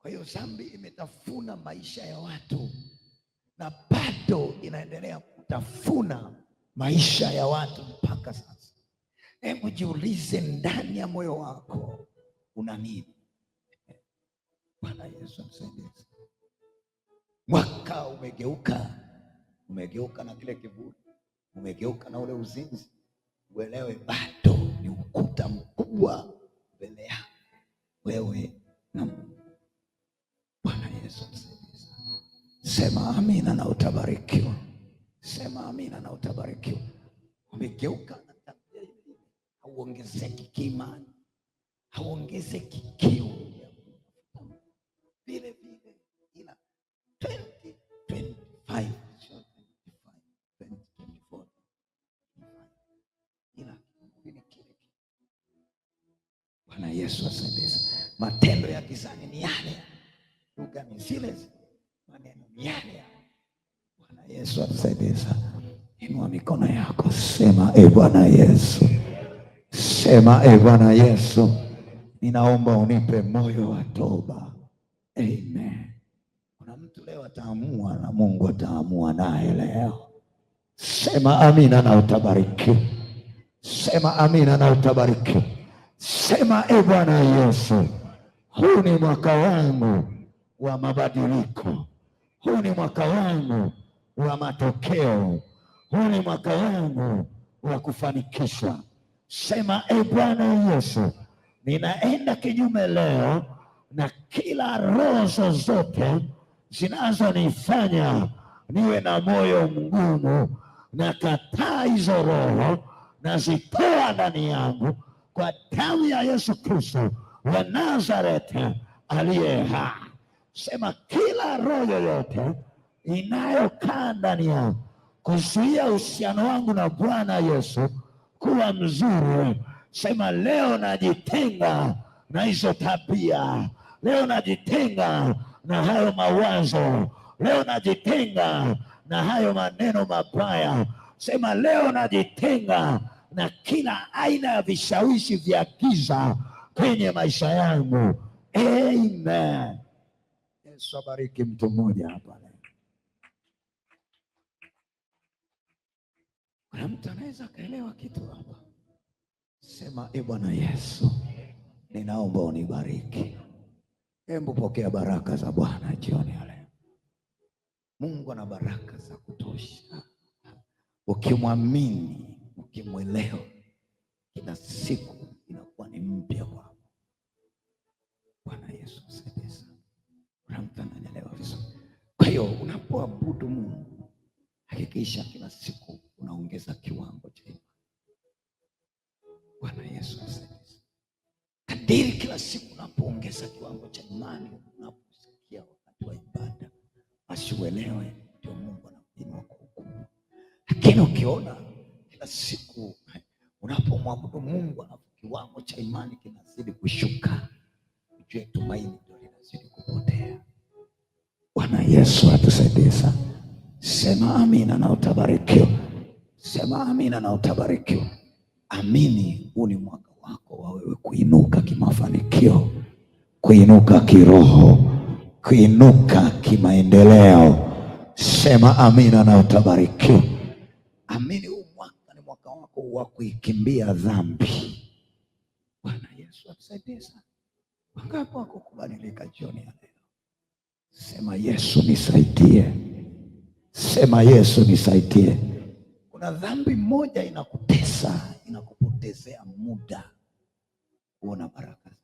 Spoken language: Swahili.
Kwa hiyo dhambi imetafuna maisha ya watu na bado inaendelea kutafuna maisha ya watu mpaka sasa. Hebu jiulize ndani ya moyo wako una nini? Bwana Yesu amsaidizi. Mwaka umegeuka, umegeuka na kile kivuli umegeuka na ule uzinzi. Uelewe bado ni ukuta mkubwa wewe na Bwana Yesu Sema amina na utabarikiwa. Sema amina na utabarikiwa. Umegeuka na tabia hii, hauongezeki kiimani, hauongezeki kiu vile vile, ila 2025 ila kile kile. Bwana Yesu asaidie matendo ya gizani ni yale, lugha ni zile, maneno ni yale. Bwana Yesu atusaidie sana. Inua mikono yako, sema e Bwana Yesu, sema e Bwana Yesu, ninaomba unipe moyo wa toba. Amen. Kuna mtu leo ataamua na Mungu ataamua naye leo. Sema amina na utabariki. Sema amina na utabariki. Sema e Bwana Yesu huu ni mwaka wangu wa mabadiliko, huu ni mwaka wangu wa matokeo, huu ni mwaka wangu wa kufanikishwa. Sema, e Bwana Yesu, ninaenda kinyume leo na kila roho zozote zinazonifanya niwe na moyo mgumu, na kataa hizo roho, nazitoa ndani yangu kwa damu ya Yesu Kristo wa Nazareth aliye hai. Sema kila roho yoyote inayokaa ndani yangu kuzuia uhusiano wangu na Bwana Yesu kuwa mzuri, sema leo najitenga na hizo tabia, leo najitenga na hayo mawazo, leo najitenga na hayo maneno mabaya. Sema leo najitenga na kila aina ya vishawishi vya giza kwenye maisha yangu. Amen. Yesu abariki mtu mmoja hapa leo. Kuna mtu anaweza akaelewa kitu hapa, sema e Bwana Yesu, ninaomba unibariki. Hebu pokea baraka za Bwana jioni ya leo. Mungu ana baraka za kutosha, ukimwamini, ukimwelewa, kila siku hiyo unapoabudu Mungu, hakikisha kila siku unaongeza kiwango cha imani. Bwana Yesu msaidizi, kadiri kila siku unapoongeza kiwango cha imani, unaposikia wakati wa ibada, basi uelewe ndio Mungu kwa hukumu. Lakini ukiona kila siku unapomwabudu Mungu alafu kiwango cha imani kinazidi kushuka, ujue tumaini ndio linazidi kupotea. Yesu atusaidie sana. Sema amina na utabarikiwa. Sema amina na utabarikiwa. Amini, huu ni mwaka wako wa wewe kuinuka kimafanikio, kuinuka kiroho, kuinuka kimaendeleo. Sema amina na utabarikiwa. Amini, huu mwaka ni mwaka wako wa kuikimbia dhambi. Bwana Yesu atusaidie sana. Wangapi wako kubadilika jioni ya leo? Sema Yesu nisaidie, sema Yesu nisaidie. Kuna dhambi moja inakutesa, inakupotezea muda kuona baraka.